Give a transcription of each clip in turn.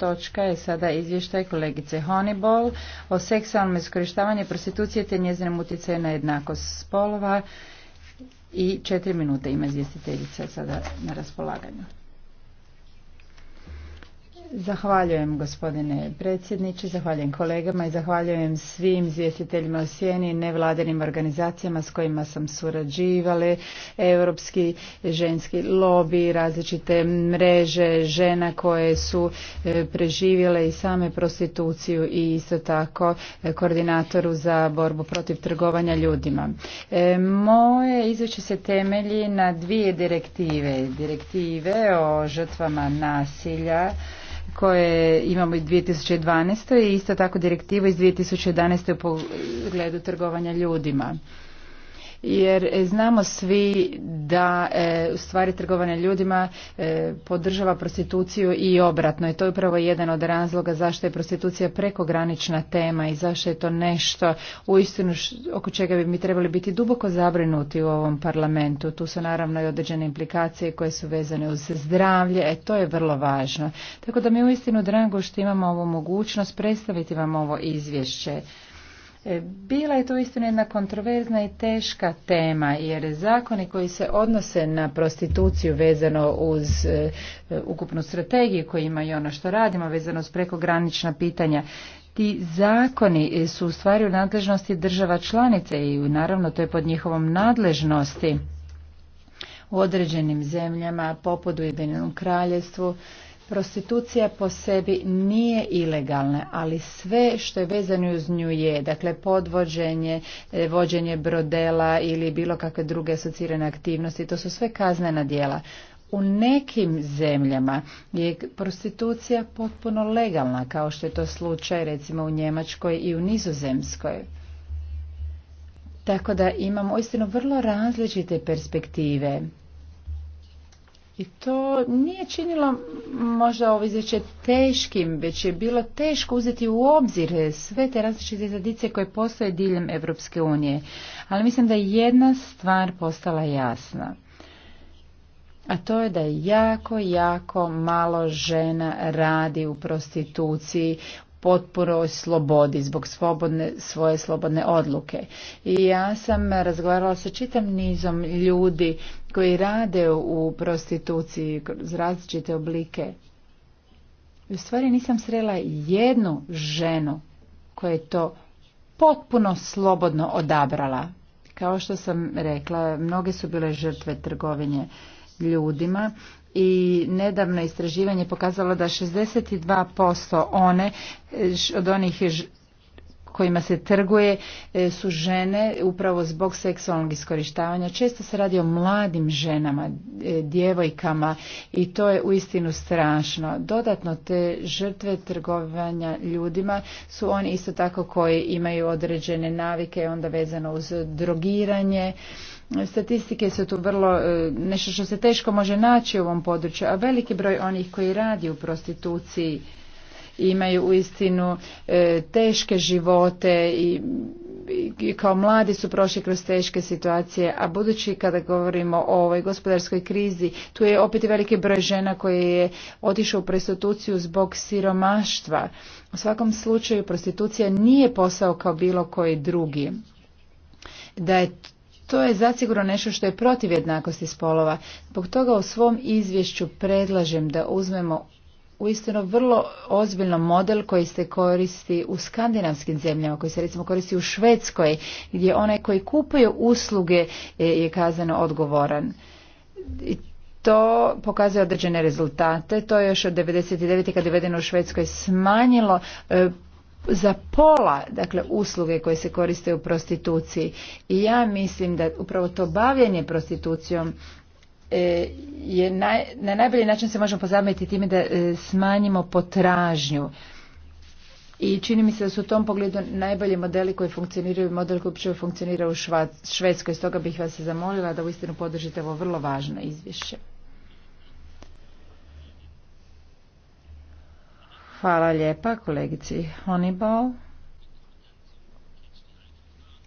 Točka je sada izvještaj kolegice Honibol o seksualnom iskorištavanju prostitucije te njezinom utjecaju na jednakost spolova i četiri minute ima izvjestiteljica sada na raspolaganju. Zahvaljujem gospodine predsjedniče, zahvaljujem kolegama i zahvaljujem svim izvjestiteljima u Sjeni, nevladinim organizacijama s kojima sam surađivale, europski ženski lobi, različite mreže žena koje su e, preživjele i same prostituciju i isto tako e, koordinatoru za borbu protiv trgovanja ljudima. E, moje izvješće se temelji na dvije direktive. Direktive o žrtvama nasilja koje imamo iz 2012. i isto tako direktiva iz 2011. u pogledu trgovanja ljudima jer e, znamo svi da e, u stvari trgovanje ljudima e, podržava prostituciju i obratno i to je upravo jedan od razloga zašto je prostitucija prekogranična tema i zašto je to nešto uistinu oko čega bi mi trebali biti duboko zabrinuti u ovom parlamentu. Tu su naravno i određene implikacije koje su vezane uz zdravlje, e to je vrlo važno. Tako da mi u uistinu drago što imamo ovu mogućnost predstaviti vam ovo izvješće. E, bila je to istina jedna kontroverzna i teška tema jer zakoni koji se odnose na prostituciju vezano uz e, ukupnu strategiju koju ima i ono što radimo vezano uz prekogranična pitanja ti zakoni su u stvari u nadležnosti država članice i naravno to je pod njihovom nadležnosti u određenim zemljama poput Ujedinjenom kraljevstvu Prostitucija po sebi nije ilegalna, ali sve što je vezano uz nju je, dakle podvođenje, e, vođenje brodela ili bilo kakve druge asocirane aktivnosti, to su sve kaznena djela. U nekim zemljama je prostitucija potpuno legalna, kao što je to slučaj recimo u Njemačkoj i u Nizozemskoj. Tako da imamo istinu vrlo različite perspektive i to nije činilo možda ovo izveće teškim, već je bilo teško uzeti u obzir sve te različite tradicije koje postoje diljem Europske unije. Ali mislim da je jedna stvar postala jasna. A to je da jako, jako malo žena radi u prostituciji, potpunoj slobodi, zbog svoje slobodne odluke. I ja sam razgovarala sa čitam nizom ljudi koji rade u prostituciji kroz različite oblike. I u stvari nisam srela jednu ženu koja je to potpuno slobodno odabrala. Kao što sam rekla, mnoge su bile žrtve trgovinje ljudima i nedavno istraživanje pokazalo da 62% one od onih kojima se trguje e, su žene upravo zbog seksualnog iskorištavanja. Često se radi o mladim ženama, e, djevojkama i to je uistinu strašno. Dodatno te žrtve trgovanja ljudima su oni isto tako koji imaju određene navike onda vezano uz drogiranje Statistike su tu vrlo e, nešto što se teško može naći u ovom području, a veliki broj onih koji radi u prostituciji imaju uistinu e, teške živote i kao mladi su prošli kroz teške situacije, a budući kada govorimo o ovoj gospodarskoj krizi, tu je opet veliki broj žena koji je otišao u prostituciju zbog siromaštva. U svakom slučaju prostitucija nije posao kao bilo koji drugi. Da je to je zasigurno nešto što je protiv jednakosti spolova. Zbog toga u svom izvješću predlažem da uzmemo uistinu vrlo ozbiljno model koji se koristi u skandinavskim zemljama, koji se recimo koristi u Švedskoj, gdje onaj koji kupuje usluge e, je, kazano odgovoran. I to pokazuje određene rezultate. To je još od 99. kad je vedeno u Švedskoj smanjilo e, za pola dakle usluge koje se koriste u prostituciji i ja mislim da upravo to bavljenje prostitucijom e, je naj, na najbolji način se možemo pozabaviti time da e, smanjimo potražnju i čini mi se da su u tom pogledu najbolji modeli koji funkcioniraju model koji uopće funkcionira u Švedskoj stoga bih vas zamolila da uistinu podržite ovo vrlo važno izvješće Hvala lijepa kolegici Honibal.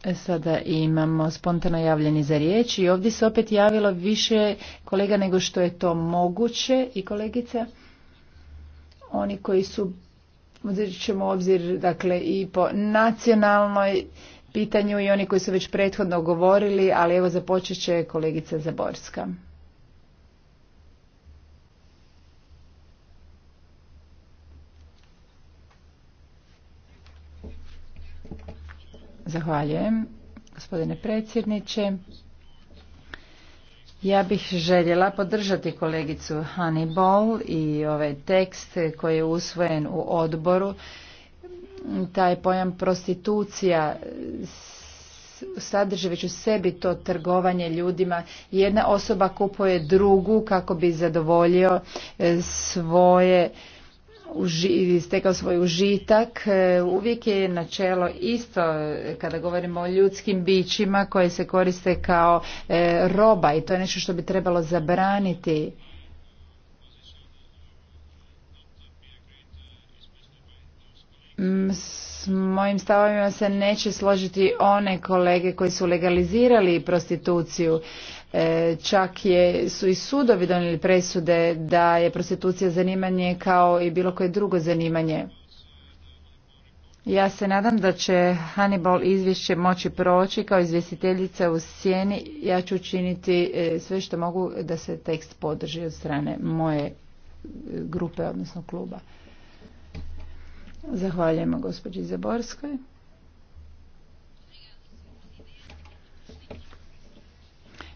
E, sada imamo spontano javljeni za riječ i ovdje se opet javilo više kolega nego što je to moguće i kolegica. Oni koji su, uzet ćemo obzir, dakle i po nacionalnoj pitanju i oni koji su već prethodno govorili, ali evo započet će kolegica Zaborska. Zahvaljujem, gospodine predsjedniče. Ja bih željela podržati kolegicu Hannibal i ovaj tekst koji je usvojen u odboru. Taj pojam prostitucija sadrži već u sebi to trgovanje ljudima. Jedna osoba kupuje drugu kako bi zadovoljio e, svoje stekao svoj užitak. E, uvijek je načelo isto kada govorimo o ljudskim bićima koje se koriste kao e, roba i to je nešto što bi trebalo zabraniti. Mm, s mojim stavovima se neće složiti one kolege koji su legalizirali prostituciju. E, čak je, su i sudovi donijeli presude da je prostitucija zanimanje kao i bilo koje drugo zanimanje. Ja se nadam da će Hannibal izvješće moći proći kao izvjestiteljica u sjeni. Ja ću učiniti e, sve što mogu da se tekst podrži od strane moje e, grupe, odnosno kluba. Zahvaljujemo gospođi Zaborskoj.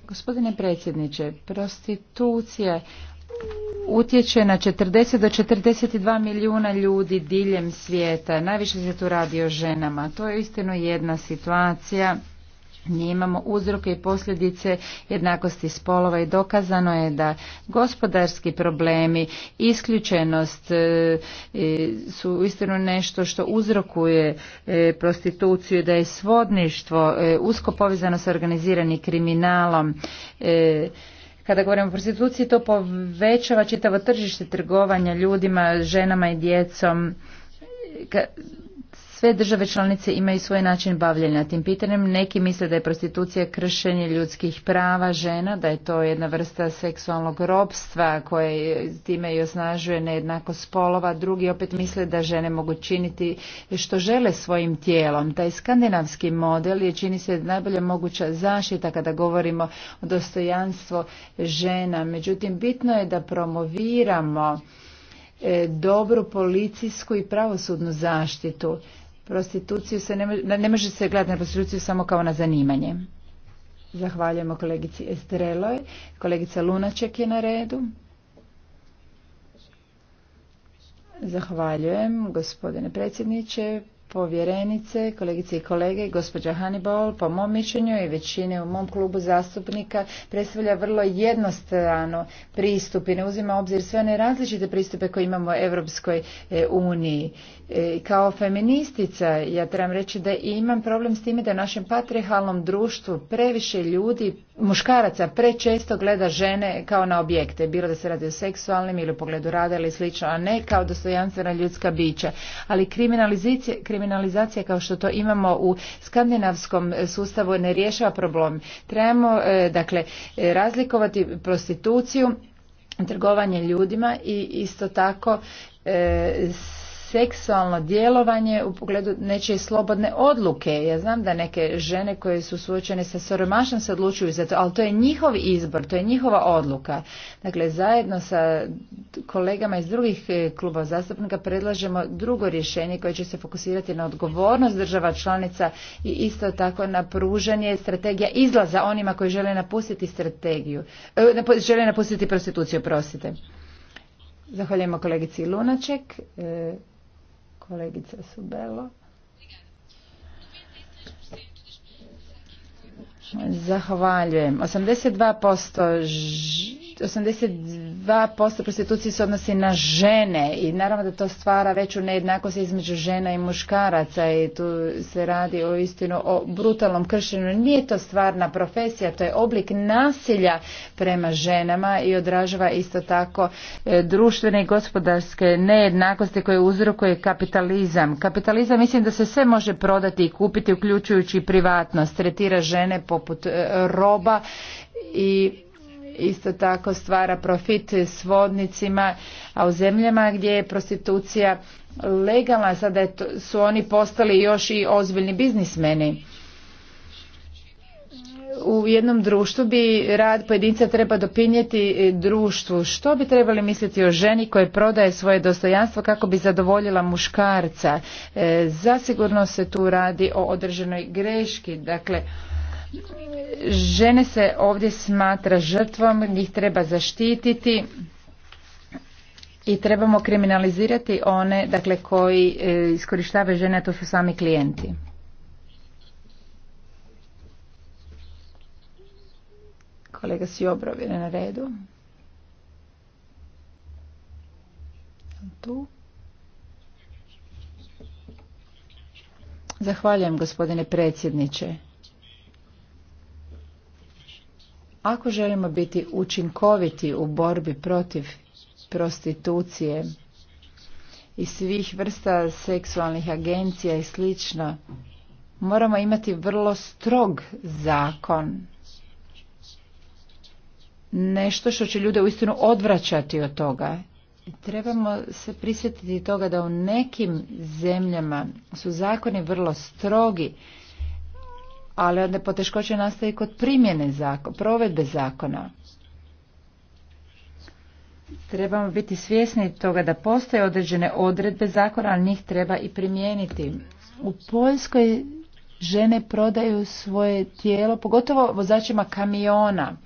Gospodine predsjedniče, prostitucija utječe na 40 do 42 milijuna ljudi diljem svijeta. Najviše se tu radi o ženama. To je istino jedna situacija nije imamo uzroke i posljedice jednakosti spolova i dokazano je da gospodarski problemi, isključenost e, e, su uistinu nešto što uzrokuje e, prostituciju, da je svodništvo usko povezano sa organiziranim kriminalom, kada govorimo o prostituciji, to povećava čitavo tržište trgovanja ljudima, ženama i djecom sve države članice imaju svoj način bavljenja tim pitanjem. Neki misle da je prostitucija kršenje ljudskih prava žena, da je to jedna vrsta seksualnog robstva koje time i osnažuje nejednakost spolova. Drugi opet misle da žene mogu činiti što žele svojim tijelom. Taj skandinavski model je čini se najbolja moguća zaštita kada govorimo o dostojanstvu žena. Međutim, bitno je da promoviramo e, dobru policijsku i pravosudnu zaštitu Prostituciju se ne, ne može se gledati na prostituciju samo kao na zanimanje. Zahvaljujemo kolegici Estreloj. Kolegica Lunaček je na redu. Zahvaljujem, gospodine predsjedniče, povjerenice, kolegice i kolege, gospođa Hannibal, po mom mišljenju i većine u mom klubu zastupnika predstavlja vrlo jednostrano pristup i ne uzima obzir sve one različite pristupe koje imamo u Europskoj e, uniji. E, kao feministica ja trebam reći da imam problem s time da u našem patrihalnom društvu previše ljudi, muškaraca prečesto gleda žene kao na objekte, bilo da se radi o seksualnim ili u pogledu rada ili slično, a ne kao dostojanstvena ljudska bića. Ali kriminalizacija kriminalizacija kao što to imamo u skandinavskom sustavu ne rješava problem. Trebamo e, dakle e, razlikovati prostituciju trgovanje ljudima i isto tako e, seksualno djelovanje u pogledu nečije slobodne odluke. Ja znam da neke žene koje su suočene sa soromašom se odlučuju za to, ali to je njihov izbor, to je njihova odluka. Dakle, zajedno sa kolegama iz drugih e, kluba zastupnika predlažemo drugo rješenje koje će se fokusirati na odgovornost država članica i isto tako na pružanje strategija izlaza onima koji žele napustiti strategiju, e, žele napustiti prostituciju, prosite. Zahvaljujemo kolegici Lunaček. E, kolegica Subelo. Zahvaljujem. 82% 82% prostitucije se odnosi na žene i naravno da to stvara veću nejednakost između žena i muškaraca i tu se radi o istinu o brutalnom kršenju. Nije to stvarna profesija, to je oblik nasilja prema ženama i odražava isto tako e, društvene i gospodarske nejednakosti koje uzrokuje kapitalizam. Kapitalizam mislim da se sve može prodati i kupiti uključujući privatnost. Tretira žene poput e, roba i isto tako stvara profit s vodnicima, a u zemljama gdje je prostitucija legalna, sada su oni postali još i ozbiljni biznismeni. U jednom društvu bi rad pojedinca treba dopinjeti e, društvu. Što bi trebali misliti o ženi koja prodaje svoje dostojanstvo kako bi zadovoljila muškarca? E, zasigurno se tu radi o određenoj greški. Dakle, Žene se ovdje smatra žrtvom, njih treba zaštititi i trebamo kriminalizirati one dakle, koji e, iskorištavaju žene, to su sami klijenti. Kolega si na redu. Tu. Zahvaljujem gospodine predsjedniče. Ako želimo biti učinkoviti u borbi protiv prostitucije i svih vrsta seksualnih agencija i slično, moramo imati vrlo strog zakon. Nešto što će ljude uistinu odvraćati od toga. Trebamo se prisjetiti toga da u nekim zemljama su zakoni vrlo strogi ali onda poteškoće nastaje kod primjene zakona, provedbe zakona. Trebamo biti svjesni toga da postoje određene odredbe zakona, ali njih treba i primijeniti. U Poljskoj žene prodaju svoje tijelo, pogotovo vozačima kamiona,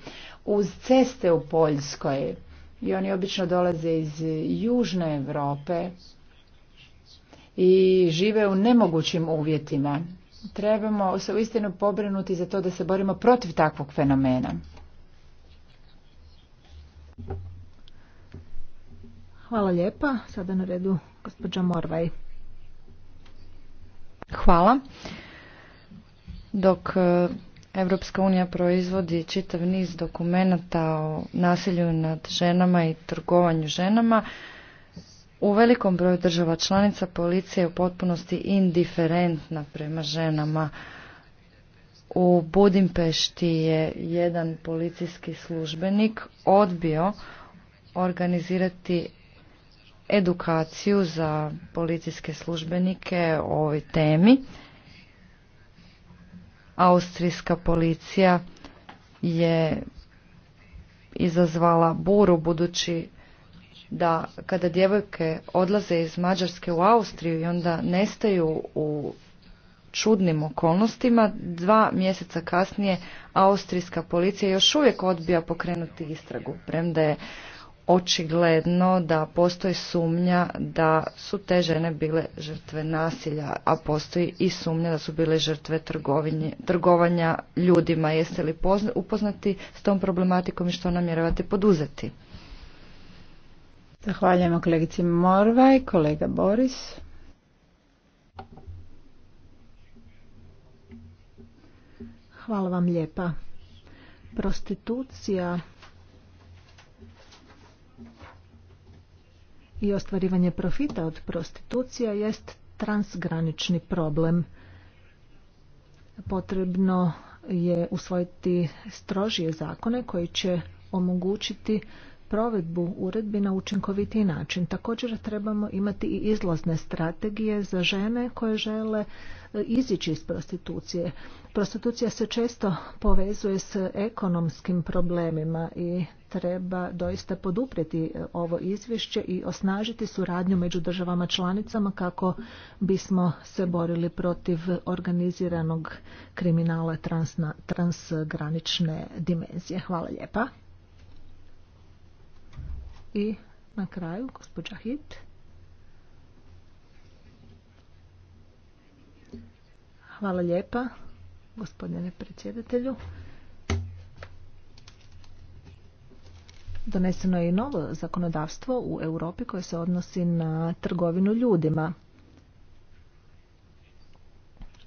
uz ceste u Poljskoj. I oni obično dolaze iz Južne Europe i žive u nemogućim uvjetima trebamo se uistinu pobrinuti za to da se borimo protiv takvog fenomena. Hvala lijepa. Sada na redu gospođa Morvaj. Hvala. Dok Europska unija proizvodi čitav niz dokumenata o nasilju nad ženama i trgovanju ženama, u velikom broju država članica policija je u potpunosti indiferentna prema ženama. U Budimpešti je jedan policijski službenik odbio organizirati edukaciju za policijske službenike o ovoj temi. Austrijska policija je izazvala buru budući da kada djevojke odlaze iz Mađarske u Austriju i onda nestaju u čudnim okolnostima, dva mjeseca kasnije austrijska policija još uvijek odbija pokrenuti istragu, premda je očigledno da postoji sumnja da su te žene bile žrtve nasilja, a postoji i sumnja da su bile žrtve trgovanja ljudima. Jeste li upoznati s tom problematikom i što namjeravate poduzeti? Zahvaljujemo kolegici Morvaj, kolega Boris. Hvala vam lijepa. Prostitucija i ostvarivanje profita od prostitucija jest transgranični problem. Potrebno je usvojiti strožije zakone koji će omogućiti provedbu uredbi na učinkovitiji način. Također trebamo imati i izlazne strategije za žene koje žele e, izići iz prostitucije. Prostitucija se često povezuje s ekonomskim problemima i treba doista poduprijeti e, ovo izvješće i osnažiti suradnju među državama članicama kako bismo se borili protiv organiziranog kriminala transgranične dimenzije. Hvala lijepa. I na kraju, gospođa Hit. Hvala lijepa, gospodine predsjedatelju. Doneseno je i novo zakonodavstvo u Europi koje se odnosi na trgovinu ljudima.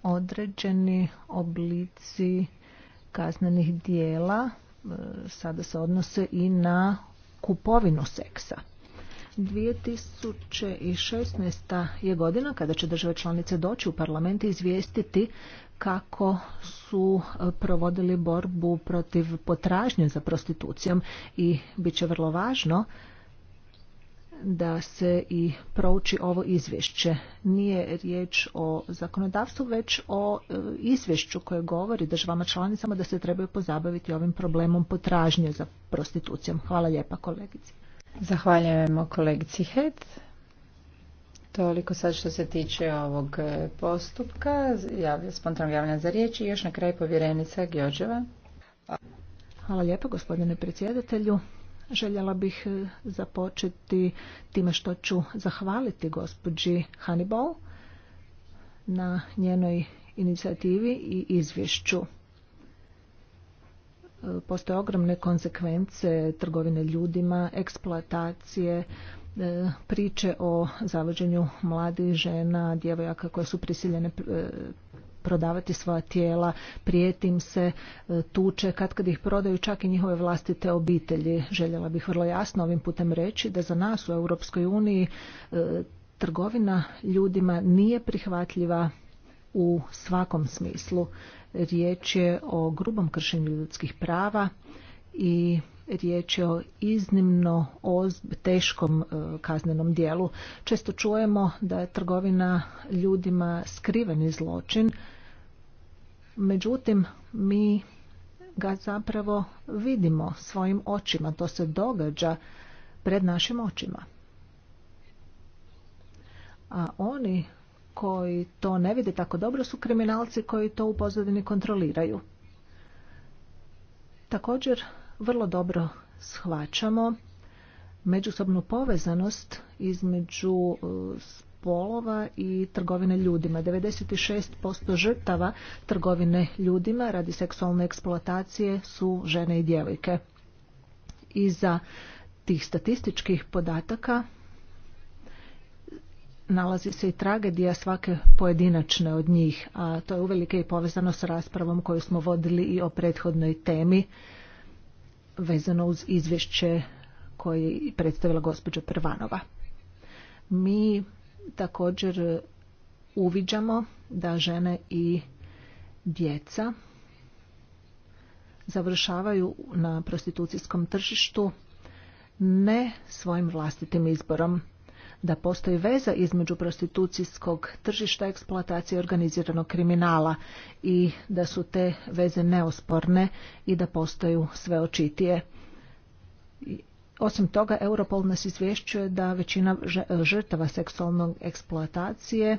Određeni oblici kaznenih dijela e, sada se odnose i na kupovinu seksa. 2016. je godina kada će države članice doći u parlament i izvijestiti kako su e, provodili borbu protiv potražnje za prostitucijom i bit će vrlo važno da se i prouči ovo izvješće. Nije riječ o zakonodavstvu, već o e, izvješću koje govori državama članicama da se trebaju pozabaviti ovim problemom potražnje za prostitucijom. Hvala lijepa kolegici. Zahvaljujemo kolegici Het. Toliko sad što se tiče ovog e, postupka, Ja spontano javljanja za riječ i još na kraj povjerenica Gjođeva. Hvala lijepa gospodine predsjedatelju. Željela bih e, započeti time što ću zahvaliti gospođi Hannibal na njenoj inicijativi i izvješću. E, postoje ogromne konsekvence trgovine ljudima, eksploatacije, e, priče o zavođenju mladih žena, djevojaka koje su prisiljene prodavati svoja tijela, prijetim se, e, tuče, kad kad ih prodaju čak i njihove vlastite obitelji. Željela bih vrlo jasno ovim putem reći da za nas u Europskoj uniji e, trgovina ljudima nije prihvatljiva u svakom smislu. Riječ je o grubom kršenju ljudskih prava i riječ je o iznimno teškom e, kaznenom dijelu. Često čujemo da je trgovina ljudima skriveni zločin, međutim mi ga zapravo vidimo svojim očima, to se događa pred našim očima. A oni koji to ne vide tako dobro su kriminalci koji to u pozadini kontroliraju. Također vrlo dobro shvaćamo međusobnu povezanost između e, spolova i trgovine ljudima. 96% žrtava trgovine ljudima radi seksualne eksploatacije su žene i djevojke. Iza tih statističkih podataka nalazi se i tragedija svake pojedinačne od njih, a to je uvelike i povezano s raspravom koju smo vodili i o prethodnoj temi vezano uz izvješće koje je predstavila gospođa Prvanova. Mi također uviđamo da žene i djeca završavaju na prostitucijskom tržištu ne svojim vlastitim izborom da postoji veza između prostitucijskog tržišta eksploatacije organiziranog kriminala i da su te veze neosporne i da postaju sve očitije. Osim toga, Europol nas izvješćuje da većina žrtava seksualnog eksploatacije e,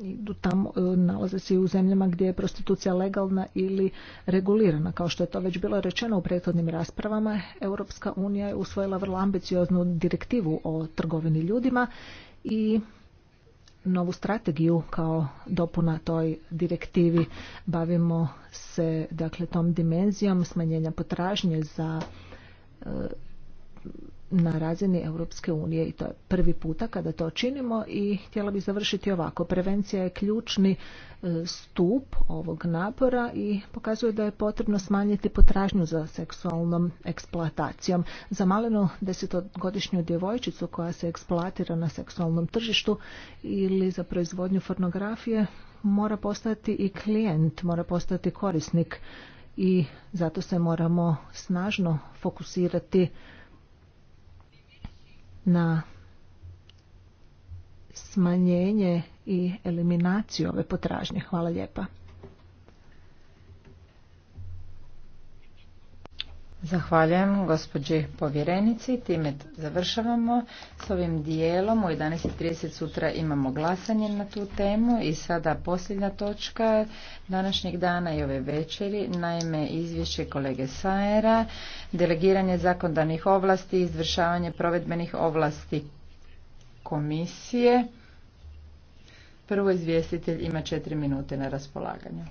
idu tamo, e, nalaze se i u zemljama gdje je prostitucija legalna ili regulirana. Kao što je to već bilo rečeno u prethodnim raspravama, Europska unija je usvojila vrlo ambicioznu direktivu o trgovini ljudima i novu strategiju kao dopuna toj direktivi. Bavimo se dakle tom dimenzijom smanjenja potražnje za na razini Europske unije i to je prvi puta kada to činimo i htjela bih završiti ovako. Prevencija je ključni e, stup ovog napora i pokazuje da je potrebno smanjiti potražnju za seksualnom eksploatacijom. Za malenu desetogodišnju djevojčicu koja se eksploatira na seksualnom tržištu ili za proizvodnju pornografije mora postati i klijent, mora postati korisnik i zato se moramo snažno fokusirati na smanjenje i eliminaciju ove potražnje. Hvala lijepa. Zahvaljujem gospođi povjerenici. Time završavamo s ovim dijelom. U 11.30 sutra imamo glasanje na tu temu i sada posljednja točka današnjeg dana i ove večeri. Naime, izvješće kolege Sajera, delegiranje zakondanih ovlasti i izvršavanje provedbenih ovlasti komisije. Prvo izvjestitelj ima četiri minute na raspolaganju.